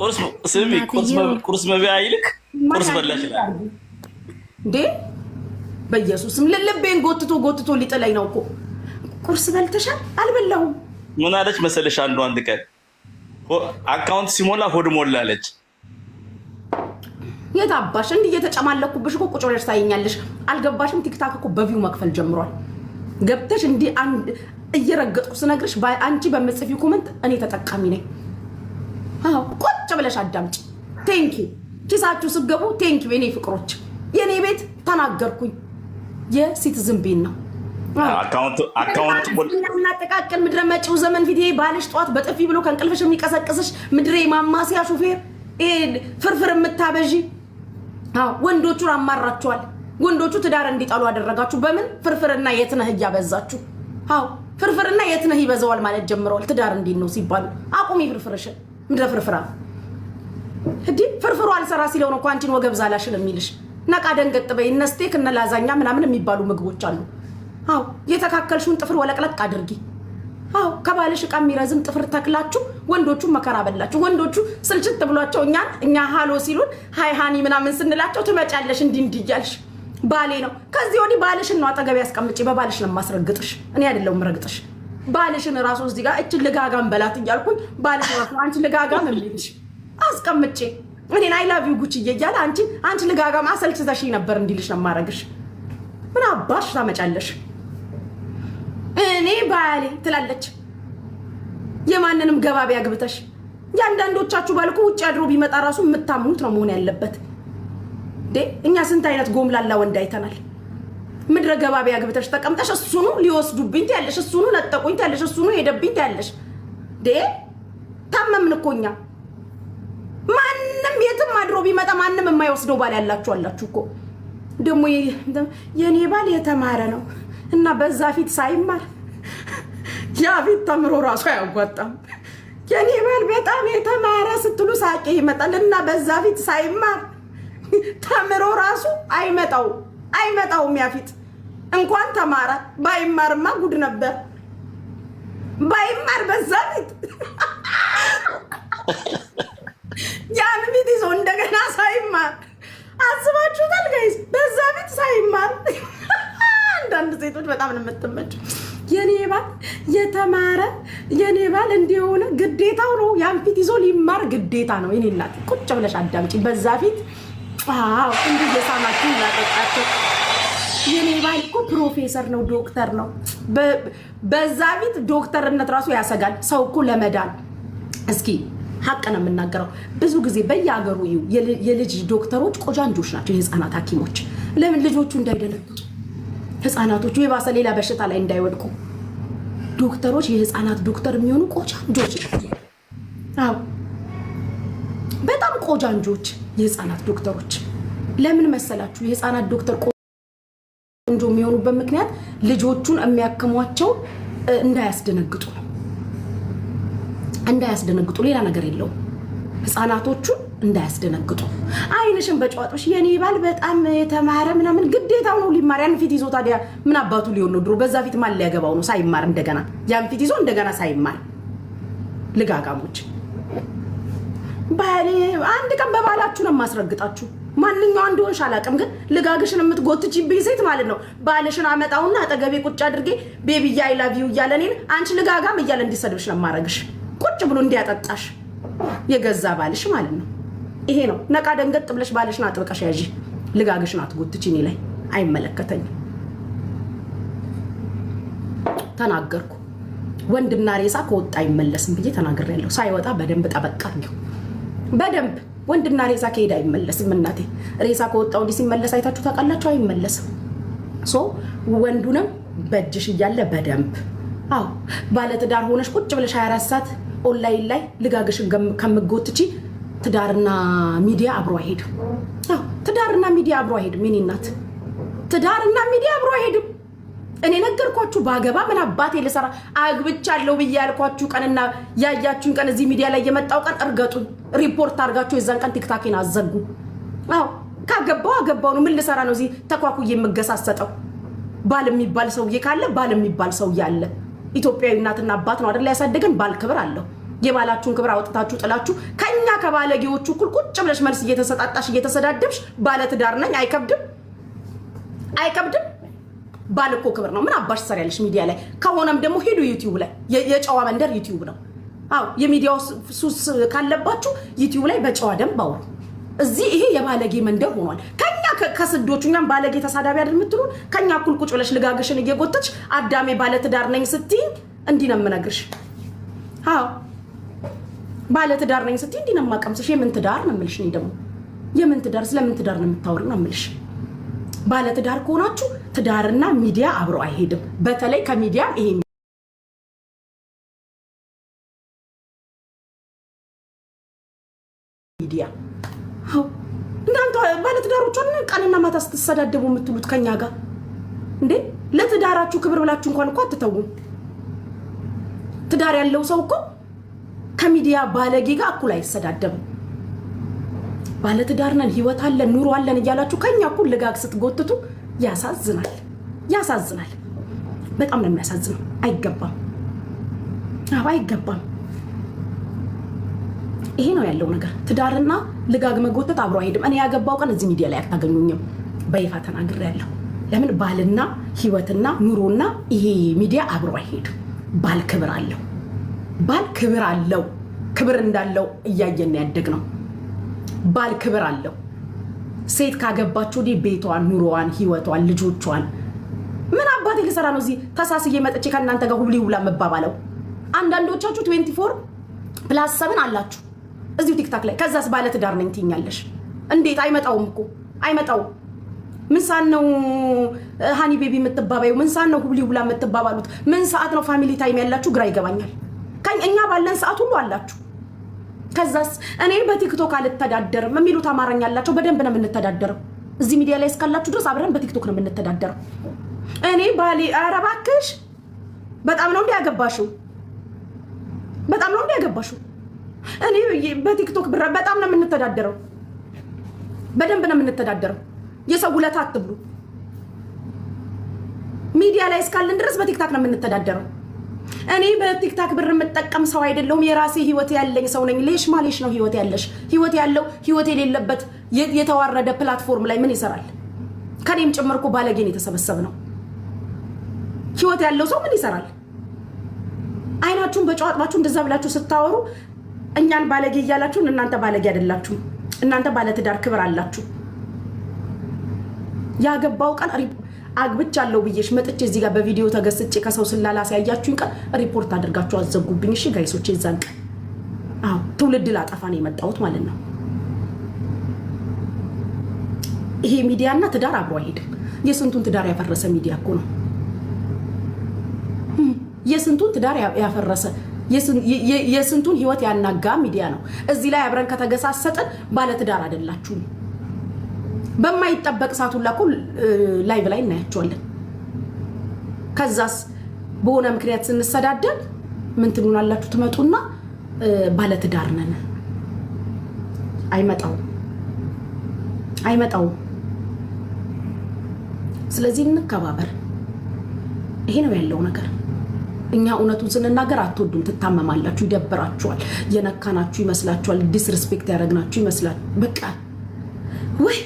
ቁርስ መብያ ይልክ ቁርስ በላሽ ይላል እንዴ? በኢየሱስም ልቤን ጎትቶ ጎትቶ ሊጥለኝ ነው እኮ። ቁርስ በልተሻል? አልበላሁም። ምን አለች መሰለሽ? አንዱ አንድ ቀን አካውንት ሲሞላ ሆድ ሞላ አለች። የት አባሽ እንዲህ እየተጨማለኩብሽ እኮ ቁጭ ብለሽ ታይኛለሽ። አልገባሽም? ቲክታክ እኮ በቪው መክፈል ጀምሯል። ገብተሽ እንዲህ እየረገጥኩ ስነግርሽ አንቺ በምጽፊው ኮመንት እኔ ተጠቃሚ ነኝ። ብለሽ አዳምጭ ቴንኪ ኪሳችሁ ስገቡ ቴንኪ የኔ ፍቅሮች፣ የኔ ቤት ተናገርኩኝ። የሲቲዝን ቤት ነው እና ጥቃቅን ምድረ መጪው ዘመን ፊት ባልሽ ጠዋት በጥፊ ብሎ ከእንቅልፍሽ የሚቀሰቅስሽ ምድሬ ማማሲያ ሹፌር ፍርፍር የምታበዢ ወንዶቹን አማራችኋል። ወንዶቹ ትዳር እንዲጠሉ አደረጋችሁ። በምን ፍርፍርና የትነህ እያበዛችሁ አዎ ፍርፍርና የትነህ ይበዛዋል ማለት ጀምረዋል። ትዳር እንዲት ነው ሲባሉ አቁሚ ፍርፍርሽን ምድረ ፍርፍራ እንዴ ፍርፍሩ አልሰራ ሲለው ነው ኳንቲን ወገብዛ ላሽል የሚልሽ። ነቃ ደንገጥ በይ። እነ ስቴክ እነ ላዛኛ ምናምን የሚባሉ ምግቦች አሉ። አዎ የተካከልሽውን ጥፍር ወለቅለቅ አድርጊ። አዎ ከባልሽ ዕቃ የሚረዝም ጥፍር ተክላችሁ ወንዶቹ መከራ በላችሁ። ወንዶቹ ስልችት ብሏቸው እኛን እኛ ሃሎ ሲሉን ሃይ ሃኒ ምናምን ስንላቸው ትመጫለሽ እንዲህ እንዲህ እያልሽ ባሌ ነው። ከዚህ ወዲህ ባልሽን ነው አጠገቤ ያስቀምጪ። በባልሽ ነው የማስረግጥሽ፣ እኔ አይደለሁም የምረግጥሽ። ባልሽን ራሱ እዚህ ጋር እችን ልጋጋም በላት እያልኩኝ ባልሽ ራሱ አንቺ ልጋጋም የሚልሽ አስቀምጬ እኔን አይ ላቭ ዩ ጉቺዬ እያለ አንቺ አንቺ ልጋጋም አሰልችተሽ ነበር እንዲልሽ ነው የማረግሽ። ምን አባሽ ታመጫለሽ? እኔ ባሌ ትላለች። የማንንም ገባቢ አግብተሽ የአንዳንዶቻችሁ ባልኩ ውጭ አድሮ ቢመጣ ራሱ የምታምኑት ነው መሆን ያለበት። እኛ ስንት አይነት ጎምላላ ወንድ አይተናል። ምድረ ገባቢ አግብተሽ ተቀምጠሽ እሱኑ ሊወስዱብኝ ትያለሽ፣ እሱኑ ለጠቁኝ ትያለሽ፣ እሱኑ ሄደብኝ ትያለሽ። ታመምን እኮ እኛ ማንም የትም አድሮ ቢመጣ ማንም የማይወስደው ባል ያላችሁ አላችሁ እኮ። ደግሞ የኔ ባል የተማረ ነው እና በዛ ፊት ሳይማር ያ ፊት ተምሮ ራሱ አያዋጣም። የኔ ባል በጣም የተማረ ስትሉ ሳቄ ይመጣል እና በዛ ፊት ሳይማር ተምሮ ራሱ አይመጣው አይመጣውም። ያ ፊት እንኳን ተማረ ባይማርማ ጉድ ነበር። ባይማር በዛ ፊት በጣም ነው የምትመጭ። የኔ ባል የተማረ የኔ ባል እንደሆነ ግዴታው ነው። ያን ፊት ይዞ ሊማር ግዴታ ነው። የኔ እናት ቁጭ ብለሽ አዳምጪ። በዛ ፊት እንዲህ የሳማችሁ እናጠጣቸው። የኔ ባል እኮ ፕሮፌሰር ነው፣ ዶክተር ነው። በዛ ፊት ዶክተርነት ራሱ ያሰጋል። ሰው እኮ ለመዳን እስኪ ሀቅ ነው የምናገረው። ብዙ ጊዜ በየሀገሩ የልጅ ዶክተሮች ቆጃንጆች ናቸው፣ የህፃናት ሐኪሞች ለምን ልጆቹ እንዳይደነግጡ ህፃናቶቹ የባሰ ሌላ በሽታ ላይ እንዳይወድቁ ዶክተሮች የህፃናት ዶክተር የሚሆኑ ቆጃንጆች ናቸው። በጣም ቆጃንጆች የህፃናት ዶክተሮች። ለምን መሰላችሁ? የህፃናት ዶክተር ቆንጆ የሚሆኑበት ምክንያት ልጆቹን የሚያክሟቸው እንዳያስደነግጡ ነው። እንዳያስደነግጡ ሌላ ነገር የለውም። ህፃናቶቹን እንዳያስደነግጡ አይንሽን በጨዋጦሽ የኔ ባል በጣም የተማረ ምናምን ግዴታው ነው ሊማር። ያን ፊት ይዞ ታዲያ ምን አባቱ ሊሆን ነው? ድሮ በዛ ፊት ማን ሊያገባው ነው? ሳይማር እንደገና ያን ፊት ይዞ እንደገና ሳይማር ልጋጋሞች። አንድ ቀን በባላችሁ ነው የማስረግጣችሁ። ማንኛው እንደሆንሽ አላውቅም፣ ግን ልጋግሽን የምትጎትችብኝ ሴት ማለት ነው። ባልሽን አመጣውና አጠገቤ ቁጭ አድርጌ ቤቢዬ አይ ላቭ ዩ እያለ እኔን አንቺ ልጋጋም እያለ እንዲሰድብሽ ነው የማረግሽ። ቁጭ ብሎ እንዲያጠጣሽ የገዛ ባልሽ ማለት ነው። ይሄ ነው። ነቃ ደንገጥ ብለሽ ባለሽን አጥብቀሽ ያዥ። ልጋግሽን አትጎትች። እኔ ላይ አይመለከተኝም። ተናገርኩ። ወንድና ሬሳ ከወጣ አይመለስም ብዬ ተናግሬያለሁ። ሳይወጣ በደንብ ጠበቃ በደንብ ወንድና ሬሳ ከሄድ አይመለስም። እናቴ ሬሳ ከወጣ ወዲህ ሲመለስ አይታችሁ ታውቃላችሁ? አይመለስም። ሶ ወንዱንም በእጅሽ እያለ በደንብ አዎ፣ ባለትዳር ሆነሽ ቁጭ ብለሽ 24 ሰዓት ኦንላይን ላይ ልጋግሽን ከምጎትቺ ትዳርና ሚዲያ አብሮ አይሄድም። ትዳርና ሚዲያ አብሮ አይሄድም። የኔ እናት ትዳርና ሚዲያ አብሮ አይሄድም። እኔ ነገርኳችሁ፣ በአገባ ምን አባቴ ልሰራ አግብቻለሁ ብዬ ያልኳችሁ ቀንና ያያችሁን ቀን እዚህ ሚዲያ ላይ የመጣው ቀን እርገጡ፣ ሪፖርት አድርጋችሁ የዛን ቀን ቲክታኬን አዘጉ። አዎ ካገባው አገባው ነው። ምን ልሰራ ነው እዚህ ተኳኩዬ የምገሳሰጠው? ባል የሚባል ሰውዬ ካለ ባል የሚባል ሰውዬ አለ። ኢትዮጵያዊ እናትና አባት ነው አደላ ያሳደገን። ባል ክብር አለው። የባላችሁን ክብር አውጥታችሁ ጥላችሁ ከባለጌዎቹ እኩል ቁጭ ብለሽ መልስ እየተሰጣጣሽ እየተሰዳደብሽ ባለትዳር ነኝ አይከብድም? አይከብድም? ባል እኮ ክብር ነው። ምን አባሽ ትሰሪያለሽ ሚዲያ ላይ? ከሆነም ደግሞ ሄዱ ዩቲዩብ ላይ የጨዋ መንደር ዩቲዩብ ነው። አዎ የሚዲያው ሱስ ካለባችሁ ዩቲዩብ ላይ በጨዋ ደንብ አውሩ። እዚህ ይሄ የባለጌ መንደር ሆኗል። ከኛ ከስዶቹ እኛም ባለጌ ተሳዳቢ አይደል የምትሉን? ከኛ እኩል ቁጭ ብለሽ ልጋግሽን እየጎተች አዳሜ ባለትዳር ነኝ ስትይ እንዲህ ነው የምነግርሽ። አዎ ባለ ትዳር ነኝ ስትይ እንዲህ ነው የማቀምስሽ። የምን ትዳር ነው የምልሽ? እኔ ደግሞ የምን ትዳር ስለምን ትዳር ነው የምታወሪው ነው የምልሽ። ባለ ትዳር ከሆናችሁ ትዳርና ሚዲያ አብሮ አይሄድም። በተለይ ከሚዲያ ይሄ ሚዲያ እናንተ ባለትዳሮቿን ቀንና ማታ ስትሰዳደቡ የምትሉት ከኛ ጋር እንዴ! ለትዳራችሁ ክብር ብላችሁ እንኳን እኮ አትተውም። ትዳር ያለው ሰው እኮ ከሚዲያ ባለጌ ጋር እኩል አይሰዳደብም። ባለትዳርነን ህይወት አለን፣ ኑሮ አለን እያላችሁ ከኛ እኩል ልጋግ ስትጎትቱ ያሳዝናል፣ ያሳዝናል። በጣም ነው የሚያሳዝነው። አይገባም፣ አባ አይገባም። ይሄ ነው ያለው ነገር። ትዳርና ልጋግ መጎተት አብሮ አይሄድም። እኔ ያገባው ቀን እዚህ ሚዲያ ላይ አታገኙኝም። በይፋ ያለው ለምን ባልና ህይወትና ኑሮና ይሄ ሚዲያ አብሮ አይሄድም። ባል ክብር አለው። ባል ክብር አለው። ክብር እንዳለው እያየን ያደግ ነው። ባል ክብር አለው። ሴት ካገባችሁ ወዲህ ቤቷን፣ ኑሮዋን፣ ህይወቷን፣ ልጆቿን ምን አባቴ ልሰራ ነው እዚህ ተሳስዬ መጥቼ ከእናንተ ጋር ሁሉ ይውላ መባባለው። አንዳንዶቻችሁ ትዌንቲ ፕላስ ሰብን አላችሁ እዚሁ ቲክታክ ላይ። ከዛስ ባለ ትዳር ነኝ ትይኛለሽ። እንዴት አይመጣውም እኮ አይመጣውም። ምን ሰዓት ነው ሃኒ ቤቢ የምትባባዩ? ምን ሰዓት ነው ሁብሊ ሁላ የምትባባሉት? ምን ሰዓት ነው ፋሚሊ ታይም ያላችሁ? ግራ ይገባኛል። እርግጠኝ እኛ ባለን ሰዓት ሁሉ አላችሁ። ከዛስ እኔ በቲክቶክ አልተዳደርም የሚሉት አማርኛ አላቸው። በደንብ ነው የምንተዳደረው። እዚህ ሚዲያ ላይ እስካላችሁ ድረስ አብረን በቲክቶክ ነው የምንተዳደረው። እኔ ባሌ ኧረ እባክሽ በጣም ነው ያገባሽው፣ በጣም ነው ያገባሽው። እኔ በቲክቶክ ብር በጣም ነው የምንተዳደረው። በደንብ ነው የምንተዳደረው። የሰው ውለታ አትብሉ። ሚዲያ ላይ እስካለን ድረስ በቲክታክ ነው የምንተዳደረው። እኔ በቲክታክ ብር የምጠቀም ሰው አይደለሁም። የራሴ ህይወት ያለኝ ሰው ነኝ። ሌሽ ማሌሽ ነው ህይወት ያለሽ። ህይወት ያለው ህይወት የሌለበት የተዋረደ ፕላትፎርም ላይ ምን ይሰራል? ከኔም ጭምርኩ ባለጌን የተሰበሰብ ነው። ህይወት ያለው ሰው ምን ይሰራል? አይናችሁን በጨዋጥባችሁ እንደዛ ብላችሁ ስታወሩ እኛን ባለጌ እያላችሁን፣ እናንተ ባለጌ አይደላችሁም። እናንተ ባለትዳር ክብር አላችሁ። ያገባው ቀን አግብቻለሁ ብዬሽ መጥቼ እዚህ ጋር በቪዲዮ ተገስጬ ከሰው ስላላ ሲያያችሁኝ ቀን ሪፖርት አድርጋችሁ አዘጉብኝ። እሺ ጋይሶች፣ የዛን ቀን አዎ ትውልድ ላጠፋ ነው የመጣሁት ማለት ነው። ይሄ ሚዲያና ትዳር አብሮ አይሄድም። የስንቱን ትዳር ያፈረሰ ሚዲያ እኮ ነው። የስንቱን ትዳር ያፈረሰ የስንቱን ህይወት ያናጋ ሚዲያ ነው። እዚህ ላይ አብረን ከተገሳሰጥን ባለትዳር አይደላችሁም። በማይጠበቅ ሰዓት ሁላ እኮ ላይቭ ላይ እናያቸዋለን። ከዛስ በሆነ ምክንያት ስንሰዳደን ምን ትሉናላችሁ? ትመጡና ባለትዳር ነን። አይመጣውም አይመጣው። ስለዚህ እንከባበር። ይሄ ነው ያለው ነገር። እኛ እውነቱን ስንናገር አትወዱም፣ ትታመማላችሁ፣ ይደብራችኋል፣ የነካናችሁ ይመስላችኋል፣ ዲስሪስፔክት ያደረግናችሁ ይመስላል። በቃ ወይ